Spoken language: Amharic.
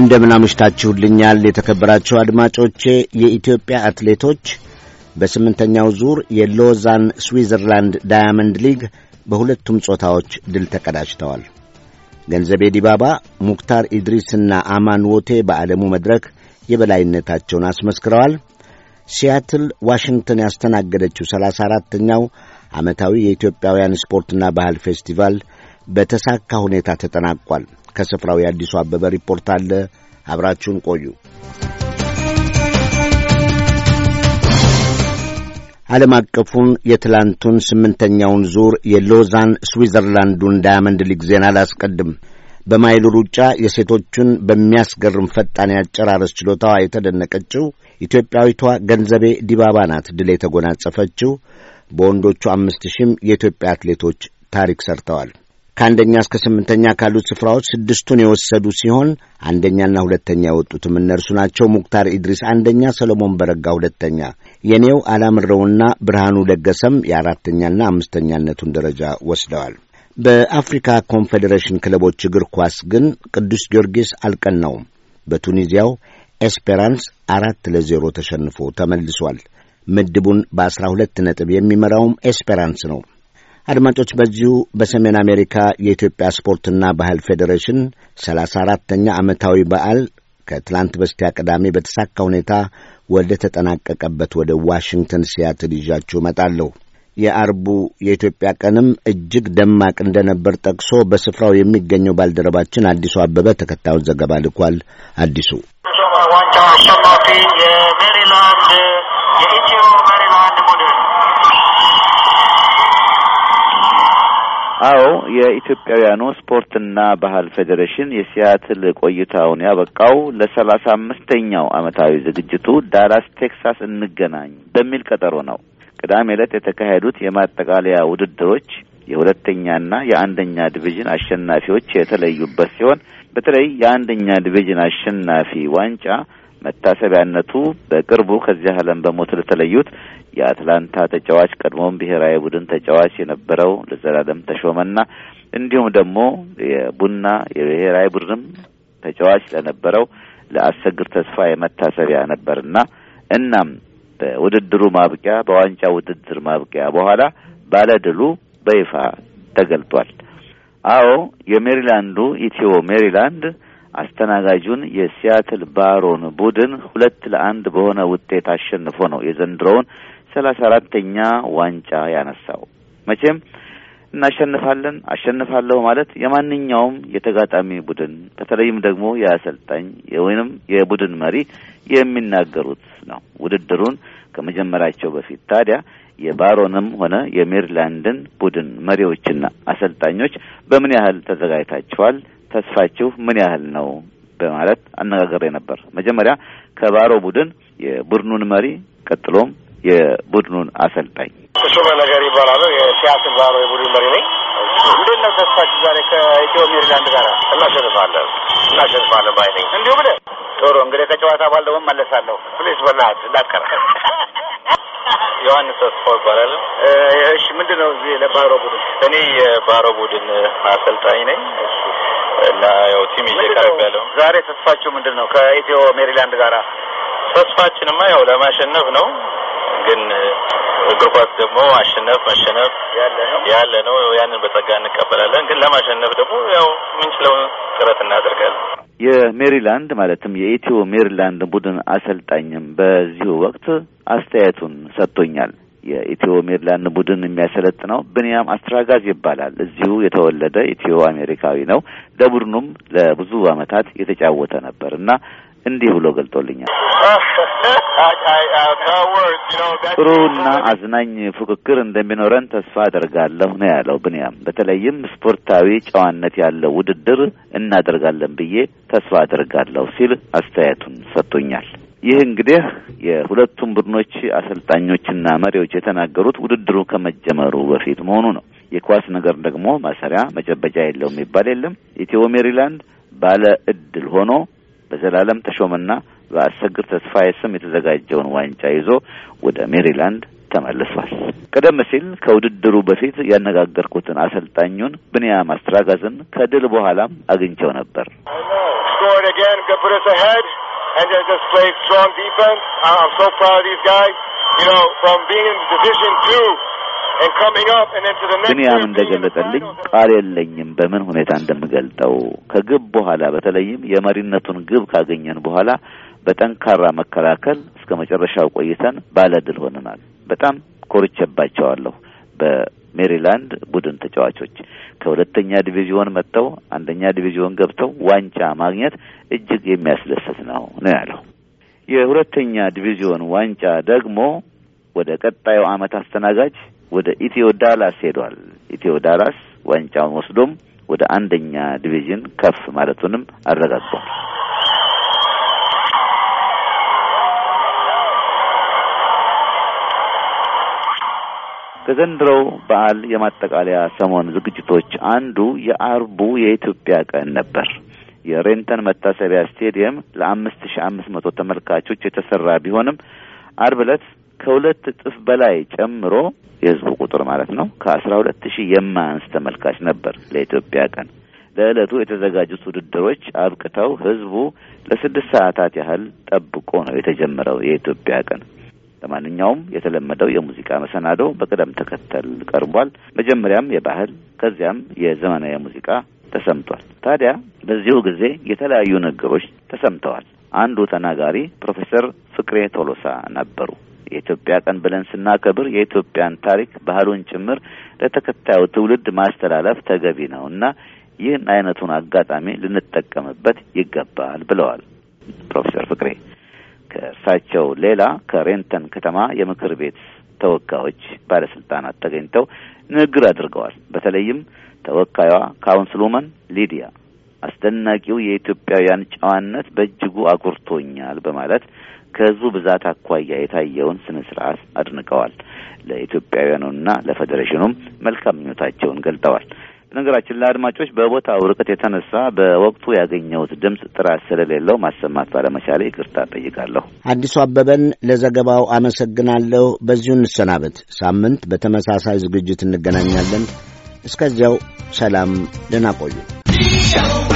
እንደ ምናምሽታችሁልኛል የተከበራችሁ አድማጮቼ። የኢትዮጵያ አትሌቶች በስምንተኛው ዙር የሎዛን ስዊዘርላንድ ዳያመንድ ሊግ በሁለቱም ጾታዎች ድል ተቀዳጅተዋል። ገንዘቤ ዲባባ፣ ሙክታር ኢድሪስና አማን ዎቴ በዓለሙ መድረክ የበላይነታቸውን አስመስክረዋል። ሲያትል ዋሽንግተን ያስተናገደችው ሰላሳ አራተኛው ዓመታዊ የኢትዮጵያውያን ስፖርትና ባህል ፌስቲቫል በተሳካ ሁኔታ ተጠናቋል። ከስፍራው የአዲሱ አበበ ሪፖርት አለ። አብራችሁን ቆዩ። ዓለም አቀፉን የትላንቱን ስምንተኛውን ዙር የሎዛን ስዊዘርላንዱን ዳያመንድ ሊግ ዜና አላስቀድም። በማይሉ ሩጫ የሴቶቹን በሚያስገርም ፈጣን ያጨራረስ ችሎታዋ የተደነቀችው ኢትዮጵያዊቷ ገንዘቤ ዲባባ ናት ድል የተጎናጸፈችው። በወንዶቹ አምስት ሺህም የኢትዮጵያ አትሌቶች ታሪክ ሰርተዋል። ከአንደኛ እስከ ስምንተኛ ካሉት ስፍራዎች ስድስቱን የወሰዱ ሲሆን አንደኛና ሁለተኛ የወጡትም እነርሱ ናቸው። ሙክታር ኢድሪስ አንደኛ፣ ሰለሞን በረጋ ሁለተኛ፣ የኔው አላምረውና ብርሃኑ ለገሰም የአራተኛና አምስተኛነቱን ደረጃ ወስደዋል። በአፍሪካ ኮንፌዴሬሽን ክለቦች እግር ኳስ ግን ቅዱስ ጊዮርጊስ አልቀናውም። በቱኒዚያው ኤስፔራንስ አራት ለዜሮ ተሸንፎ ተመልሷል። ምድቡን በአስራ ሁለት ነጥብ የሚመራውም ኤስፔራንስ ነው። አድማጮች በዚሁ በሰሜን አሜሪካ የኢትዮጵያ ስፖርትና ባህል ፌዴሬሽን ሰላሳ አራተኛ ዓመታዊ በዓል ከትላንት በስቲያ ቅዳሜ በተሳካ ሁኔታ ወደ ተጠናቀቀበት ወደ ዋሽንግተን ሲያትል ይዣችሁ እመጣለሁ። የአርቡ የኢትዮጵያ ቀንም እጅግ ደማቅ እንደነበር ጠቅሶ በስፍራው የሚገኘው ባልደረባችን አዲሱ አበበ ተከታዩን ዘገባ ልኳል። አዲሱ ዋንጫ አሸናፊ የሜሪላንድ አዎ የኢትዮጵያውያኑ ስፖርትና ባህል ፌዴሬሽን የሲያትል ቆይታውን ያበቃው ለሰላሳ አምስተኛው ዓመታዊ ዝግጅቱ ዳላስ ቴክሳስ እንገናኝ በሚል ቀጠሮ ነው። ቅዳሜ ዕለት የተካሄዱት የማጠቃለያ ውድድሮች የሁለተኛና የአንደኛ ዲቪዥን አሸናፊዎች የተለዩበት ሲሆን በተለይ የአንደኛ ዲቪዥን አሸናፊ ዋንጫ መታሰቢያነቱ በቅርቡ ከዚህ ዓለም በሞት ለተለዩት የአትላንታ ተጫዋች ቀድሞም ብሔራዊ ቡድን ተጫዋች የነበረው ለዘላለም ተሾመና እንዲሁም ደግሞ የቡና የብሔራዊ ቡድንም ተጫዋች ለነበረው ለአሰግድ ተስፋ የመታሰቢያ ነበርና እናም በውድድሩ ማብቂያ በዋንጫ ውድድር ማብቂያ በኋላ ባለድሉ በይፋ ተገልጧል። አዎ የሜሪላንዱ ኢትዮ ሜሪላንድ አስተናጋጁን የሲያትል ባሮን ቡድን ሁለት ለአንድ በሆነ ውጤት አሸንፎ ነው የዘንድሮውን ሰላሳ አራተኛ ዋንጫ ያነሳው። መቼም እናሸንፋለን አሸንፋለሁ ማለት የማንኛውም የተጋጣሚ ቡድን በተለይም ደግሞ የአሰልጣኝ ወይንም የቡድን መሪ የሚናገሩት ነው። ውድድሩን ከመጀመራቸው በፊት ታዲያ የባሮንም ሆነ የሜሪላንድን ቡድን መሪዎችና አሰልጣኞች በምን ያህል ተዘጋጅታችኋል? ተስፋችሁ ምን ያህል ነው በማለት አነጋግሬ ነበር። መጀመሪያ ከባሮ ቡድን የቡድኑን መሪ ቀጥሎም የቡድኑን አሰልጣኝ እሱመ ነገር ይባላሉ። የሲያትል ባሮ የቡድን መሪ ነኝ። እንዴት ነው ተስፋችሁ ዛሬ ከኢትዮ ሜሪላንድ ጋር? እናሸንፋለን እናሸንፋለን ባይ ነኝ። እንዲሁ ብለ ጥሩ። እንግዲህ ከጨዋታ በኋላ ደግሞ መለሳለሁ። ፕሊዝ በላት እንዳትቀር። ዮሐንስ ተስፋ ይባላል። እሺ ምንድን ነው እዚህ ለባሮ ቡድን? እኔ የባሮ ቡድን አሰልጣኝ ነኝ። እና ያው ቲም ይዤ ቀርብ ያለው። ዛሬ ተስፋችሁ ምንድን ነው? ከኢትዮ ሜሪላንድ ጋር ተስፋችንማ ያው ለማሸነፍ ነው። ግን እግር ኳስ ደግሞ አሸነፍ መሸነፍ ያለ ነው። ያንን በጸጋ እንቀበላለን። ግን ለማሸነፍ ደግሞ ያው ምንችለውን ጥረት እናደርጋለን። የሜሪላንድ ማለትም የኢትዮ ሜሪላንድ ቡድን አሰልጣኝም በዚሁ ወቅት አስተያየቱን ሰጥቶኛል። የኢትዮ ሜሪላንድ ቡድን የሚያሰለጥነው ብንያም አስትራጋዝ ይባላል። እዚሁ የተወለደ ኢትዮ አሜሪካዊ ነው። ለቡድኑም ለብዙ ዓመታት የተጫወተ ነበር እና እንዲህ ብሎ ገልጦልኛል። ጥሩና አዝናኝ ፉክክር እንደሚኖረን ተስፋ አደርጋለሁ ነው ያለው ብንያም። በተለይም ስፖርታዊ ጨዋነት ያለው ውድድር እናደርጋለን ብዬ ተስፋ አደርጋለሁ ሲል አስተያየቱን ሰጥቶኛል። ይህ እንግዲህ የሁለቱም ቡድኖች አሰልጣኞችና መሪዎች የተናገሩት ውድድሩ ከመጀመሩ በፊት መሆኑ ነው። የኳስ ነገር ደግሞ ማሰሪያ መጨበጫ የለው የሚባል የለም። ኢትዮ ሜሪላንድ ባለ እድል ሆኖ በዘላለም ተሾመና በአሰግር ተስፋዬ ስም የተዘጋጀውን ዋንጫ ይዞ ወደ ሜሪላንድ ተመልሷል። ቀደም ሲል ከውድድሩ በፊት ያነጋገርኩትን አሰልጣኙን ብንያም ማስተራጋዝን ከድል በኋላም አግኝቸው ነበር። and they just played strong defense. I'm so proud of these guys. You know, from being in Division Two. ብንያም እንደገለጠልኝ ቃል የለኝም በምን ሁኔታ እንደምገልጠው። ከግብ በኋላ በተለይም የመሪነቱን ግብ ካገኘን በኋላ በጠንካራ መከላከል እስከ መጨረሻው ቆይተን ባለድል ሆነናል። በጣም ኮርቼባቸዋለሁ። ሜሪላንድ ቡድን ተጫዋቾች ከሁለተኛ ዲቪዚዮን መጥተው አንደኛ ዲቪዚዮን ገብተው ዋንጫ ማግኘት እጅግ የሚያስደስት ነው ነው ያለው። የሁለተኛ ዲቪዚዮን ዋንጫ ደግሞ ወደ ቀጣዩ ዓመት አስተናጋጅ ወደ ኢትዮ ዳላስ ሄዷል። ኢትዮ ዳላስ ዋንጫውን ወስዶም ወደ አንደኛ ዲቪዥን ከፍ ማለቱንም አረጋግጧል። ከዘንድሮው በዓል የማጠቃለያ ሰሞን ዝግጅቶች አንዱ የአርቡ የኢትዮጵያ ቀን ነበር። የሬንተን መታሰቢያ ስቴዲየም ለአምስት ሺ አምስት መቶ ተመልካቾች የተሰራ ቢሆንም አርብ ዕለት ከሁለት እጥፍ በላይ ጨምሮ የህዝቡ ቁጥር ማለት ነው ከአስራ ሁለት ሺህ የማያንስ ተመልካች ነበር ለኢትዮጵያ ቀን። ለዕለቱ የተዘጋጁት ውድድሮች አብቅተው ህዝቡ ለስድስት ሰዓታት ያህል ጠብቆ ነው የተጀመረው የኢትዮጵያ ቀን። ለማንኛውም የተለመደው የሙዚቃ መሰናዶ በቅደም ተከተል ቀርቧል። መጀመሪያም የባህል ከዚያም የዘመናዊ ሙዚቃ ተሰምቷል። ታዲያ በዚሁ ጊዜ የተለያዩ ነገሮች ተሰምተዋል። አንዱ ተናጋሪ ፕሮፌሰር ፍቅሬ ቶሎሳ ነበሩ። የኢትዮጵያ ቀን ብለን ስናከብር የኢትዮጵያን ታሪክ ባህሉን ጭምር ለተከታዩ ትውልድ ማስተላለፍ ተገቢ ነው እና ይህን አይነቱን አጋጣሚ ልንጠቀምበት ይገባል ብለዋል ፕሮፌሰር ፍቅሬ ከእርሳቸው ሌላ ከሬንተን ከተማ የምክር ቤት ተወካዮች ባለስልጣናት ተገኝተው ንግግር አድርገዋል። በተለይም ተወካዩዋ ካውንስሉመን ሊዲያ አስደናቂው የኢትዮጵያውያን ጨዋነት በእጅጉ አጉርቶኛል በማለት ከህዝቡ ብዛት አኳያ የታየውን ስነ ስርዓት አድንቀዋል። ለኢትዮጵያውያኑና ለፌዴሬሽኑም መልካም ምኞታቸውን ገልጠዋል። በነገራችን ለአድማጮች በቦታው ርቀት የተነሳ በወቅቱ ያገኘሁት ድምፅ ጥራት ስለሌለው ማሰማት ባለመቻሌ ይቅርታ ጠይቃለሁ። አዲሱ አበበን ለዘገባው አመሰግናለሁ። በዚሁ እንሰናበት። ሳምንት በተመሳሳይ ዝግጅት እንገናኛለን። እስከዚያው ሰላም፣ ደህና ቆዩ።